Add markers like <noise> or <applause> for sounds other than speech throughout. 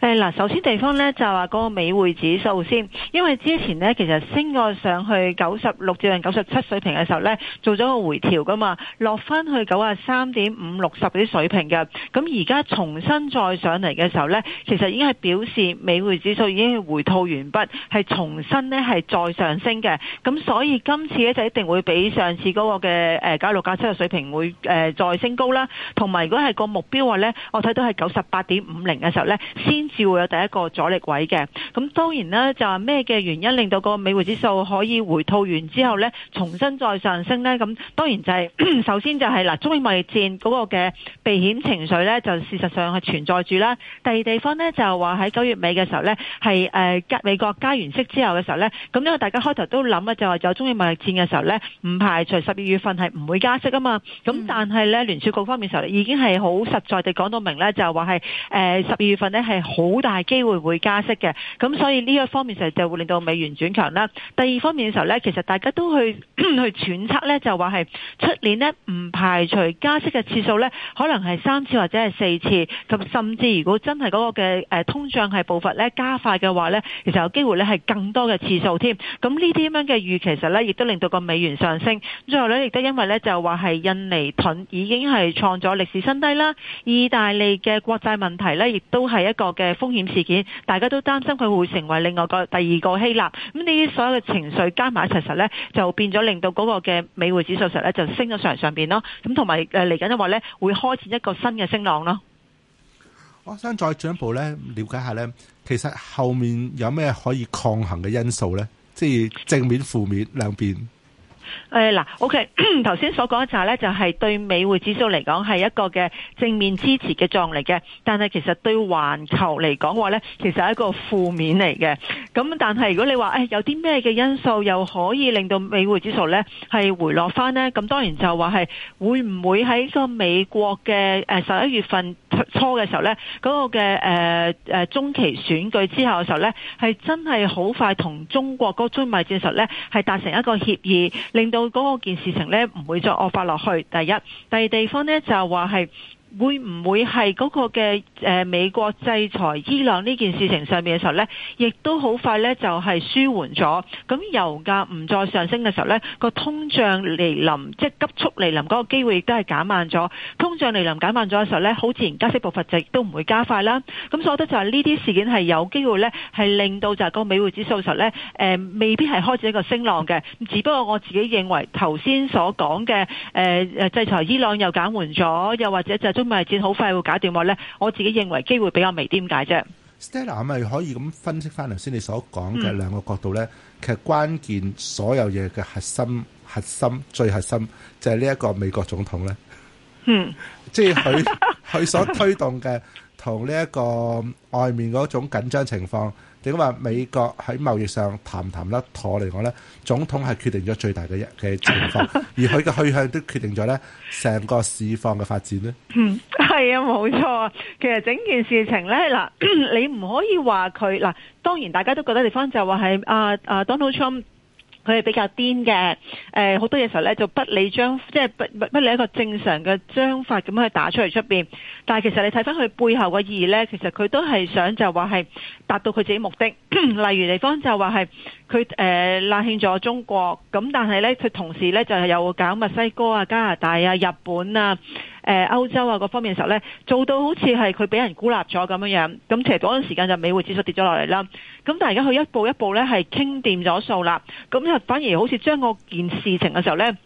誒，嗱，首先地方咧就話、係、嗰個美匯指數先，因為之前呢，其實升咗上去九十六至到九十七水平嘅時候呢，做咗個回調噶嘛，落翻去九啊三點五六十嗰啲水平嘅，咁而家重新再上嚟嘅時候呢，其實已經係表示美匯指數已經係回吐完畢，係重新呢，係再上升嘅，咁所以今次呢，就一定會比上次嗰個嘅誒九六九七嘅水平會誒再升高啦，同埋如果係個目標話呢，我睇到係九十八點五零嘅時候呢，先至會有第一個阻力位嘅，咁當然啦，就話咩嘅原因令到個美匯指數可以回吐完之後呢，重新再上升呢？咁當然就係、是、首先就係、是、嗱，中美貿易戰嗰個嘅避險情緒呢，就事實上係存在住啦。第二地方呢，就係話喺九月尾嘅時候呢，係誒、呃、美國加完息之後嘅時候呢。咁因為大家開頭都諗咧，就係有中美貿易戰嘅時候呢，唔排除十二月份係唔會加息啊嘛。咁但係呢，聯儲、嗯、局方面時候已經係好實在地講到明呢，就話係誒十二月份呢。係好大機會會加息嘅，咁所以呢一方面就就會令到美元轉強啦。第二方面嘅時候呢，其實大家都去 <coughs> 去揣測呢，就話係出年呢唔排除加息嘅次數呢可能係三次或者係四次，咁甚至如果真係嗰個嘅誒通脹係步伐呢加快嘅話呢，其實有機會呢係更多嘅次數添。咁呢啲咁樣嘅預期其實呢亦都令到個美元上升。最後呢，亦都因為呢就話係印尼盾已經係創咗歷史新低啦，意大利嘅國債問題呢亦都係一。個嘅風險事件，大家都擔心佢會成為另外個第二個希臘。咁呢啲所有嘅情緒加埋一齊實呢就變咗令到嗰個嘅美匯指數實呢就升咗上上邊咯。咁同埋誒嚟緊因為呢會開展一個新嘅升浪咯。我想再進一步呢，了解下呢其實後面有咩可以抗衡嘅因素呢？即係正面負面兩邊。誒，嗱 <noise> ，OK，頭先所講一扎咧，就係對美匯指數嚟講係一個嘅正面支持嘅作用嚟嘅，但係其實對環球嚟講話咧，其實係一個負面嚟嘅。咁但係如果你話誒有啲咩嘅因素又可以令到美匯指數咧係回落翻呢？咁當然就話係會唔會喺個美國嘅誒十一月份？初嘅時候咧，嗰個嘅誒誒中期選舉之後嘅時候咧，係真係好快同中國嗰中美戰術咧，係達成一個協議，令到嗰個件事情咧唔會再惡化落去。第一，第二地方咧就話係。會唔會係嗰個嘅美國制裁伊朗呢件事情上面嘅時候呢，亦都好快呢就係舒緩咗。咁油價唔再上升嘅時候呢，個通脹嚟臨即係、就是、急速嚟臨嗰個機會亦都係減慢咗。通脹嚟臨減慢咗嘅時候呢，好自然加息步伐就亦都唔會加快啦。咁所以我覺得就係呢啲事件係有機會呢，係令到就係個美匯指數嘅時候呢、呃，未必係開始一個升浪嘅。只不過我自己認為頭先所講嘅、呃、制裁伊朗又減緩咗，又或者就是貿易戰好快會搞掂話咧，我自己認為機會比較微啲，點解啫？Stella，係咪可以咁分析翻頭先你所講嘅兩個角度咧？其實關鍵所有嘢嘅核心、核心、最核心就係呢一個美國總統咧。嗯， <laughs> 即係佢佢所推動嘅同呢一個外面嗰種緊張情況。你話美國喺貿易上談唔談得妥嚟講咧？總統係決定咗最大嘅一嘅情況，而佢嘅去向都決定咗咧，成個市況嘅發展咧。 <laughs> 嗯，係啊，冇錯。其實整件事情咧，嗱，你唔可以話佢嗱。當然大家都覺得地方就話係啊啊 Donald Trump。佢係比較癲嘅，誒、呃、好多嘢時候咧就不理章，即、就、係、是、不，不理一個正常嘅章法咁去打出嚟出面。但係其實你睇翻佢背後嘅意義咧，其實佢都係想就話係達到佢自己目的。 <coughs> 例如地方就話係佢誒拉興咗中國，咁但係咧佢同時咧就係又搞墨西哥啊、加拿大啊、日本啊。誒、呃、歐洲啊各方面嘅時候呢，做到好似係佢俾人孤立咗咁樣樣，咁其實嗰陣時間就美匯指數跌咗落嚟啦。咁但係而家佢一步一步呢係傾掂咗數啦，咁就反而好似將個件事情嘅時候呢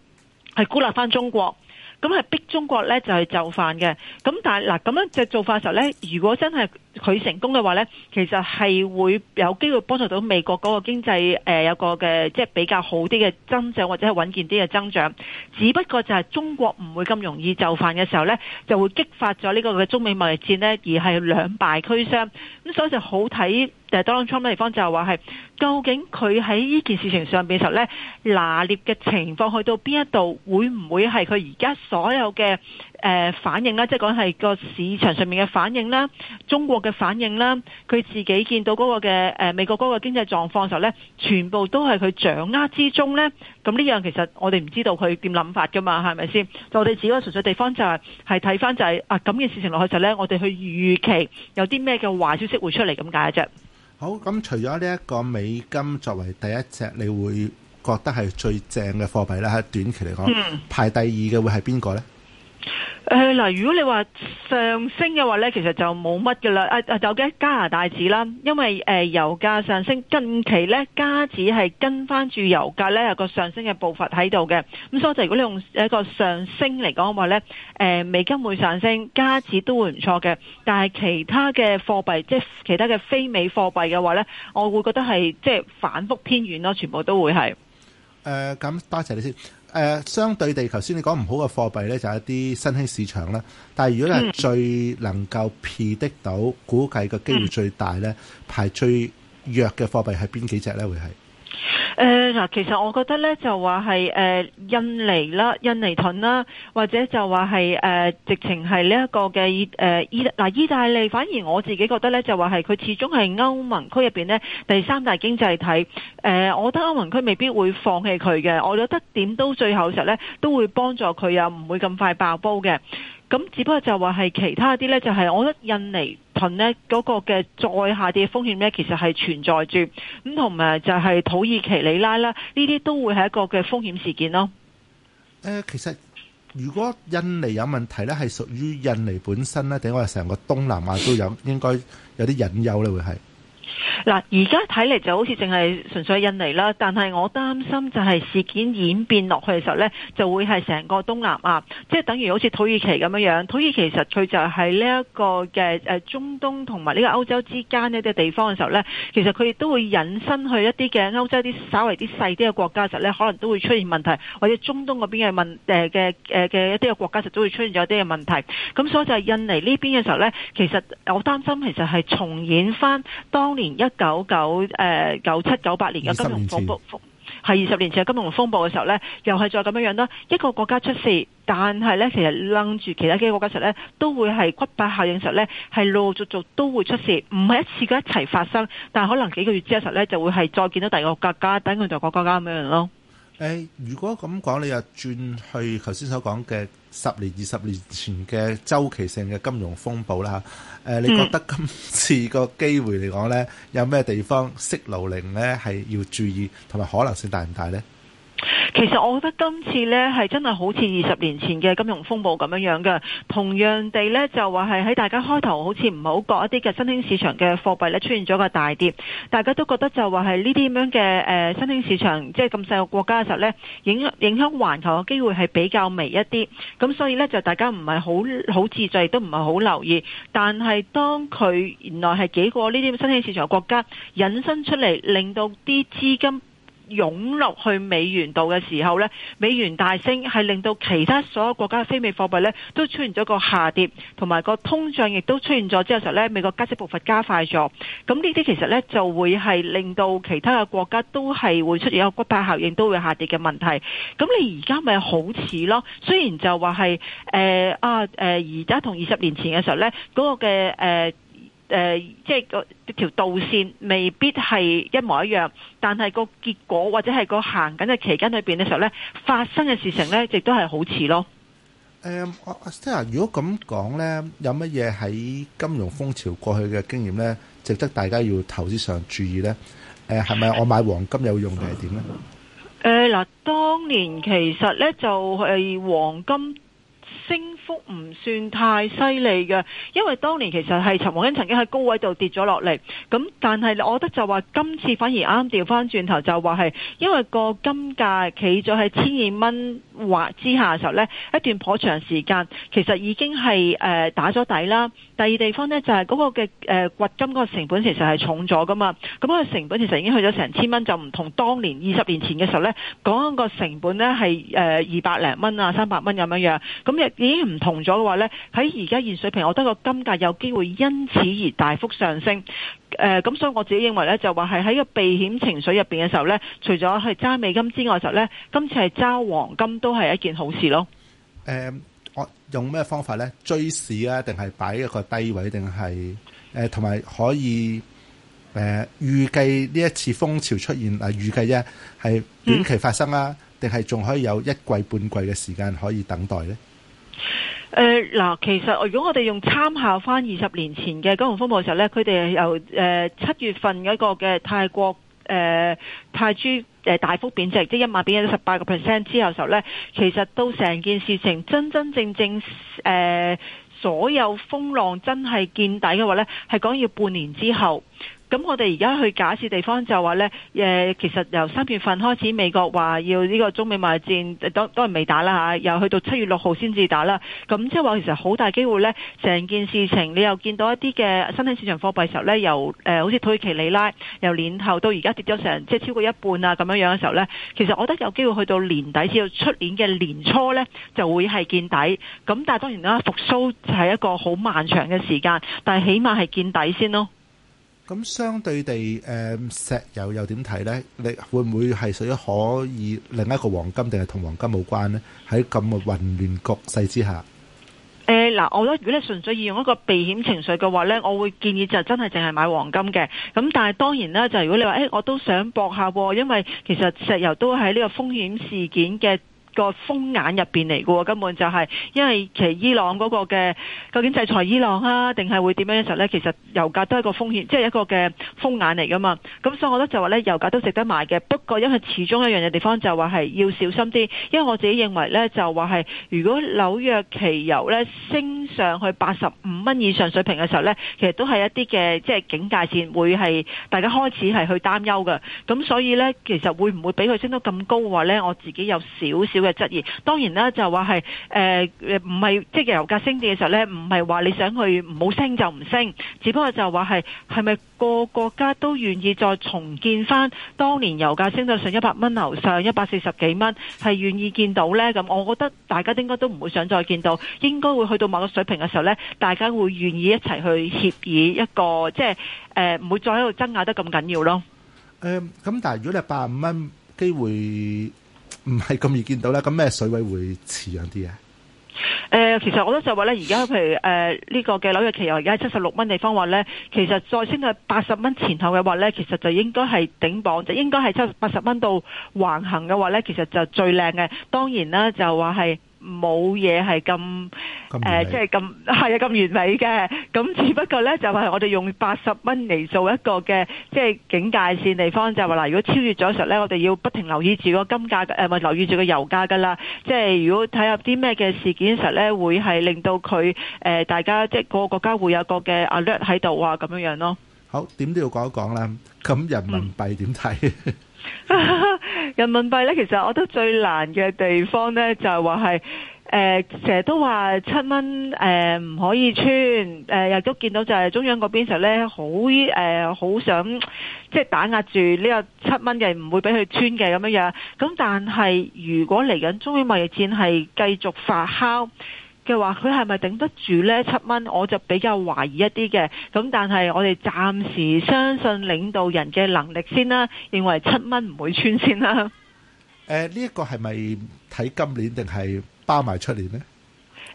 係孤立翻中國，咁係逼中國呢就係就範嘅。咁但係嗱咁樣就做法嘅時候呢，如果真係，佢成功嘅話呢，其實係會有機會幫助到美國嗰個經濟、呃、有個嘅即係比較好啲嘅增長或者係穩健啲嘅增長。只不過就係中國唔會咁容易就範嘅時候呢，就會激發咗呢個嘅中美貿易戰呢，而係兩敗俱傷。咁所以就好睇 Donald Trump 嘅地方就係話係究竟佢喺呢件事情上面嘅時候呢，拿捏嘅情況去到邊一度，會唔會係佢而家所有嘅，誒、呃，反應啦，即係講係個市場上面嘅反應啦，中國嘅反應啦，佢自己見到嗰個嘅誒、呃、美國嗰個經濟狀況時候咧，全部都係佢掌握之中咧。咁呢樣其實我哋唔知道佢點諗法㗎嘛，係咪先？我哋只係純粹地方就係係睇翻就係、是、啊咁嘅事情落去時候咧，我哋去預期有啲咩嘅壞消息會出嚟咁解啫。好，咁除咗呢一個美金作為第一隻，你會覺得係最正嘅貨幣咧？喺短期嚟講，嗯、排第二嘅會係邊個咧？誒，嗱、呃，如果你話上升嘅話咧，其實就冇乜嘅啦。誒、啊、誒，究竟加拿大紙啦，因為誒、呃、油價上升，近期咧加紙係跟翻住油價咧有個上升嘅步伐喺度嘅。咁所以，就，如果你用一個上升嚟講嘅話咧，誒、呃、美金會上升，加紙都會唔錯嘅。但係其他嘅貨幣，即係其他嘅非美貨幣嘅話咧，我會覺得係即係反復偏軟咯，全部都會係。誒咁多謝你先。誒、呃、相對地，頭先你講唔好嘅貨幣咧，就係一啲新興市場啦。但係如果係最能夠避得到，估計個機會最大咧，嗯、排最弱嘅貨幣係邊幾隻咧？會係？誒，嗱、呃，其實我覺得咧就話係誒，印尼啦、印尼盾啦，或者就話係誒，直情係呢一個嘅誒意，嗱、呃，意大利反而我自己覺得咧就話係佢始終係歐盟區入邊呢第三大經濟體，誒、呃，我覺得歐盟區未必會放棄佢嘅，我覺得點都最後時候咧都會幫助佢啊，唔會咁快爆煲嘅。咁只不過就話係其他啲呢，就係我覺得印尼盾呢嗰個嘅再下跌風險呢，其實係存在住，咁同埋就係土耳其里拉啦，呢啲都會係一個嘅風險事件咯。誒，其實如果印尼有問題呢，係屬於印尼本身呢，定係成個東南亞都有應該有啲隱憂呢？會係。嗱，而家睇嚟就好似淨係純粹印尼啦，但係我擔心就係事件演變落去嘅時候咧，就會係成個東南亞，即係等於好似土耳其咁樣樣。土耳其其實佢就係呢一個嘅誒中東同埋呢個歐洲之間一啲地方嘅時候咧，其實佢亦都會引申去一啲嘅歐洲啲稍微啲細啲嘅國家嘅時候咧，可能都會出現問題，或者中東嗰邊嘅問誒嘅誒嘅一啲嘅國家就都會出現咗一啲嘅問題。咁所以就係印尼呢邊嘅時候咧，其實我擔心其實係重演翻當年一九九誒、呃、九七九八年嘅金融風暴，風係二十年前嘅金融風暴嘅時候呢，又係再咁樣樣啦。一個國家出事，但係呢，其實楞住其他幾個國家時候咧，都會係骨牌效應實呢，係陸陸續續都會出事，唔係一次嘅一齊發生，但係可能幾個月之後實呢，就會係再見到第二個國家，等佢哋國家咁樣樣咯。誒、欸，如果咁講，你又轉去頭先所講嘅。十年、二十年前嘅周期性嘅金融風暴啦，誒、嗯呃，你覺得今次個機會嚟講咧，有咩地方息勞齡咧係要注意，同埋可能性大唔大咧？其實我覺得今次呢係真係好似二十年前嘅金融風暴咁樣樣嘅，同樣地呢，就話係喺大家開頭好似唔係好覺得一啲嘅新興市場嘅貨幣呢出現咗個大跌，大家都覺得就話係呢啲咁樣嘅誒、呃、新興市場即係咁細個國家嘅時候呢，影影響環球嘅機會係比較微一啲，咁所以呢，就大家唔係好好自在，亦都唔係好留意。但係當佢原來係幾個呢啲新興市場嘅國家引申出嚟，令到啲資金。湧入去美元度嘅時候呢，美元大升係令到其他所有國家嘅非美貨幣呢都出現咗個下跌，同埋個通脹亦都出現咗。之後時候呢，美國加息步伐加快咗，咁呢啲其實呢就會係令到其他嘅國家都係會出現一個骨牌效應都會下跌嘅問題。咁你而家咪好似咯，雖然就話係誒啊誒，而家同二十年前嘅時候呢嗰個嘅誒。呃誒，即係個條導線未必係一模一樣，但係個結果或者係個行緊嘅期間裏邊嘅時候咧，發生嘅事情咧，亦都係好似咯。誒、呃，阿阿如果咁講咧，有乜嘢喺金融風潮過去嘅經驗咧，值得大家要投資上注意咧？誒、呃，係咪我買黃金有用定係點咧？誒嗱、呃，當年其實咧就係、是、黃金。升幅唔算太犀利嘅，因為當年其實係陳黃欣曾經喺高位度跌咗落嚟，咁但係我覺得就話今次反而啱調翻轉頭就話係，因為個金價企咗喺千二蚊或之下嘅時候呢一段頗長時間其實已經係誒打咗底啦。第二地方呢，就係嗰個嘅誒掘金嗰個成本其實係重咗噶嘛，咁嗰個成本其實已經去咗成千蚊，就唔同當年二十年前嘅時候呢，講個成本呢，係誒二百零蚊啊三百蚊咁樣樣，咁亦已經唔同咗嘅話呢，喺而家現水平，我覺得個金價有機會因此而大幅上升。誒咁，所以我自己認為呢，就話係喺個避險情緒入邊嘅時候呢，除咗係揸美金之外嘅時候呢，今次係揸黃金都係一件好事咯。嗯用咩方法呢？追市啊，定係擺一個低位，定係誒，同、呃、埋可以誒，預計呢一次風潮出現誒，預計啫，係、啊、短期發生啊？定係仲可以有一季半季嘅時間可以等待呢？誒，嗱，其實如果我哋用參考翻二十年前嘅金融風暴嘅時候呢，佢哋由誒、呃、七月份嗰個嘅泰國。誒，泰銖誒大幅貶值，即係一晚貶咗十八個 percent 之後，時候咧，其實都成件事情真真正正誒、呃。所有風浪真係見底嘅話咧，係講要半年之後。咁我哋而家去假設地方就話呢，其實由三月份開始，美國話要呢個中美貿易戰，都都係未打啦嚇，又去到七月六號先至打啦。咁即係話其實好大機會呢，成件事情你又見到一啲嘅新興市場貨幣時候呢，由、呃、好似土耳其里拉，由年頭到而家跌咗成即係超過一半啊咁樣樣嘅時候呢，其實我覺得有機會去到年底至到出年嘅年初呢，就會係見底。咁但當然啦、啊，復蘇就係一個好漫長嘅時間，但係起碼係見底先咯。咁相對地，誒石油又點睇咧？你會唔會係屬於可以另一個黃金，定係同黃金冇關咧？喺咁嘅混亂局勢之下，誒嗱，我覺得如果你純粹要用一個避險情緒嘅話咧，我會建議就真係淨係買黃金嘅。咁但係當然啦，就如果你話誒，我都想搏下，因為其實石油都喺呢個風險事件嘅。個風眼入邊嚟嘅喎，根本就係、是，因為其實伊朗嗰個嘅究竟制裁伊朗啊，定係會點樣嘅時候呢？其實油價都係一個風險，即係一個嘅風眼嚟噶嘛。咁所以我覺得就話呢，油價都值得買嘅。不過因為始終一樣嘅地方就話係要小心啲，因為我自己認為呢，就話係如果紐約期油呢，升上去八十五蚊以上水平嘅時候呢，其實都係一啲嘅即係警戒線，會係大家開始係去擔憂嘅。咁所以呢，其實會唔會俾佢升得咁高嘅話呢，我自己有少少嘅。質疑當然啦，就話係誒誒，唔、呃、係即係油價升跌嘅時候呢？唔係話你想去唔好升就唔升，只不過就話係係咪個國家都願意再重建翻，當年油價升到上一百蚊樓上一百四十幾蚊，係願意見到呢。咁我覺得大家應該都唔會想再見到，應該會去到某個水平嘅時候呢，大家會願意一齊去協議一個，即係誒唔會再喺度爭拗得咁緊要咯。誒，咁但係如果你八十五蚊機會？唔係咁易見到啦，咁咩水位會似樣啲啊？誒、呃，其實我都就話咧，而家譬如誒呢、呃呢個嘅紐約期油而家係七十六蚊地方話咧，其實再升到八十蚊前後嘅話咧，其實就應該係頂榜，就應該係七八十蚊到橫行嘅話咧，其實就最靚嘅。當然啦，就話係。冇嘢係咁誒，即係咁係啊，咁完美嘅。咁只不過咧，就係、是、我哋用八十蚊嚟做一個嘅，即係警戒線地方。就係話嗱，如果超越咗實咧，我哋要不停留意住個金價誒，咪、呃、留意住個油價噶啦。即係如果睇下啲咩嘅事件實咧，會係令到佢誒、呃，大家即係個國家會有個嘅 alert 喺度啊，咁樣樣咯。好，點都要講一講啦。咁人民幣點睇？嗯 <laughs> 人民幣呢，其實我覺得最難嘅地方呢，就係話係誒，成日都話七蚊誒唔可以穿，誒、呃、亦都見到就係中央嗰邊。實呢好誒好想即係打壓住呢個七蚊嘅，唔會俾佢穿嘅咁樣樣。咁但係如果嚟緊中美貿易戰係繼續發酵。佢話佢係咪頂得住呢七蚊？我就比較懷疑一啲嘅，咁但係我哋暫時相信領導人嘅能力先啦、啊，認為七蚊唔會穿先啦、啊。呢一、呃這個係咪睇今年定係包埋出年呢？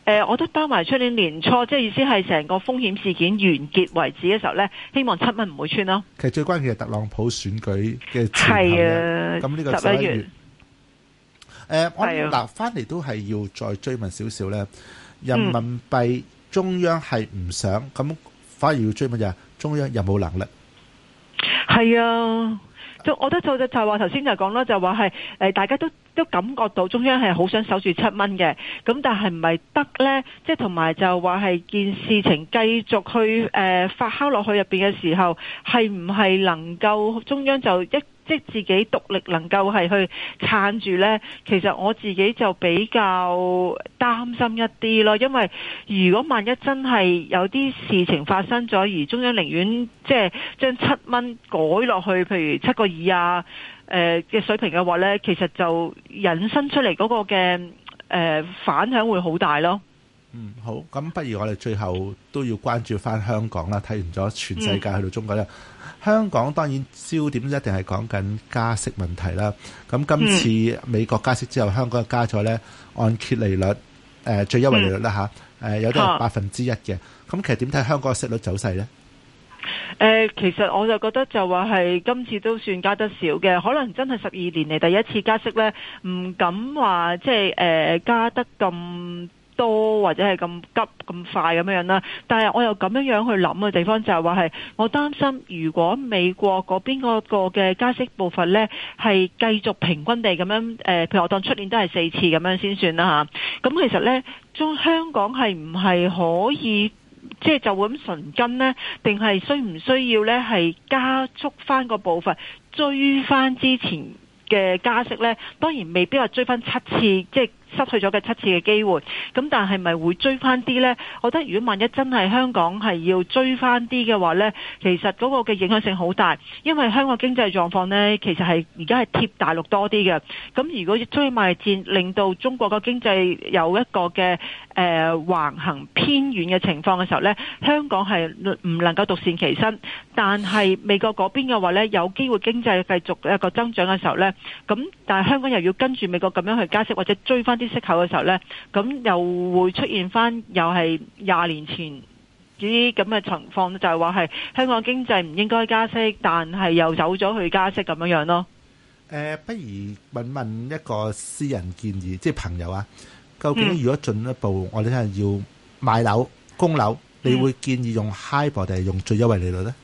誒、呃，我都包埋出年年初，即係意思係成個風險事件完結為止嘅時候呢，希望七蚊唔會穿咯、啊。其實最關鍵係特朗普選舉嘅係啊，咁呢個十一月。誒、啊呃，我嗱翻嚟都係要再追問少少呢。人民幣中央係唔想咁，反而要追乜嘢？中央又冇能力。係啊，即係我覺得就就係話頭先就講啦，就話係誒大家都都感覺到中央係好想守住七蚊嘅，咁但係唔係得呢？即係同埋就話係件事情繼續去誒發酵落去入邊嘅時候，係唔係能夠中央就一？即自己獨立能夠係去撐住呢，其實我自己就比較擔心一啲咯，因為如果萬一真係有啲事情發生咗，而中央寧願即係將七蚊改落去，譬如七個二啊，呃、嘅水平嘅話呢，其實就引申出嚟嗰個嘅、呃、反響會好大咯。嗯，好。咁不如我哋最後都要關注翻香港啦。睇完咗全世界去到中國啦、嗯、香港當然焦點一定係講緊加息問題啦。咁今次美國加息之後，香港加咗呢，按揭利率，誒、呃、最優惠利率啦嚇、嗯啊。有啲係百分之一嘅。咁係、啊、其實點睇香港嘅息率走勢呢、呃？其實我就覺得就話係今次都算加得少嘅，可能真係十二年嚟第一次加息呢，唔敢話即係、呃、加得咁。多或者係咁急咁快咁樣樣啦，但係我又咁樣樣去諗嘅地方就係話係，我擔心如果美國嗰邊嗰個嘅加息步伐呢係繼續平均地咁樣，誒、呃，譬如我當出年都係四次咁樣先算啦吓。咁、啊嗯、其實呢，中香港係唔係可以即係就咁純跟呢？定係需唔需要呢係加速翻個步伐追翻之前嘅加息呢？當然未必話追翻七次，即係。失去咗嘅七次嘅機會，咁但係咪會追翻啲咧？我覺得如果萬一真係香港係要追翻啲嘅話咧，其實嗰個嘅影響性好大，因為香港經濟狀況咧其實係而家係貼大陸多啲嘅。咁如果追賣戰令到中國嘅經濟有一個嘅誒、呃、橫行偏遠嘅情況嘅時候咧，香港係唔能夠獨善其身。但係美國嗰邊嘅話咧，有機會經濟繼續一個增長嘅時候咧，咁但係香港又要跟住美國咁樣去加息或者追翻啲。息口嘅時候呢，咁又會出現翻又係廿年前啲咁嘅情況，就係話，係香港經濟唔應該加息，但係又走咗去加息咁樣樣咯、呃。不如問問一個私人建議，即係朋友啊，究竟如果進一步，我哋聽日要買樓供樓，你會建議用 HIBOR 定係用最優惠利率呢？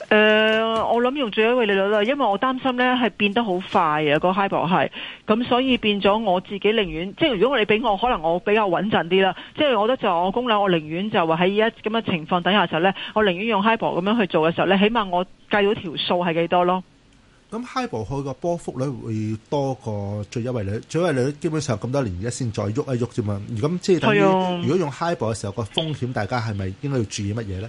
誒、呃。我諗用最優惠利率啦，因為我擔心咧係變得好快啊、個 hyper 係，咁所以變咗我自己寧願，即係如果你俾我，可能我比較穩陣啲啦。即係我覺得就我供樓，我寧願就話喺依家咁嘅情況底下時候咧，我寧願用 hyper 咁樣去做嘅時候咧，起碼我計到條數係幾多咯。咁 hyper 去個波幅率會多過最優惠率，最優惠率基本上咁多年現在動動而家先再喐一喐啫嘛。咁即係如果用 hyper 嘅時候，個風險大家係咪應該要注意乜嘢咧？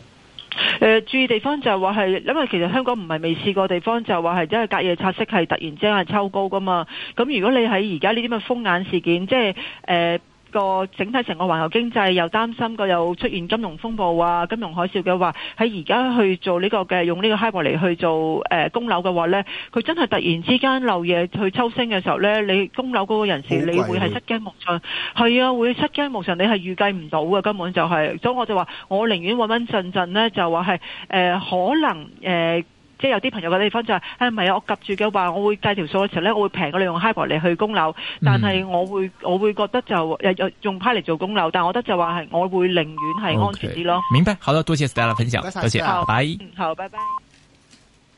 誒、呃，注意地方就係話係，因為其實香港唔係未試過地方，就是，就話係即係隔夜拆息係突然之間係抽高噶嘛。咁如果你喺而家呢啲咁嘅風眼事件，即係誒。呃個整體成個環球經濟又擔心個又出現金融風暴啊、金融海嘯嘅話，喺而家去做呢個嘅用呢個 high 嚟去做誒供樓嘅話呢，佢真係突然之間漏夜去抽升嘅時候呢，你供樓嗰個人士你會係失驚無神，係啊，會失驚無神，你係預計唔到嘅根本就係，所以我就話我寧願穩穩陣陣呢，就話係誒可能誒。即係有啲朋友嘅地方就係、係，係咪啊？我夾住嘅話，我會計條數嘅時候咧，我會平過你用 hyper 嚟去供樓，但係我會我會覺得就又又用 pay 嚟做供樓，但係我覺得就話係，我會寧願係安全啲咯。Okay. 明白，好多，多謝大家分享，多謝，好謝，oh. 拜，拜，好，拜拜。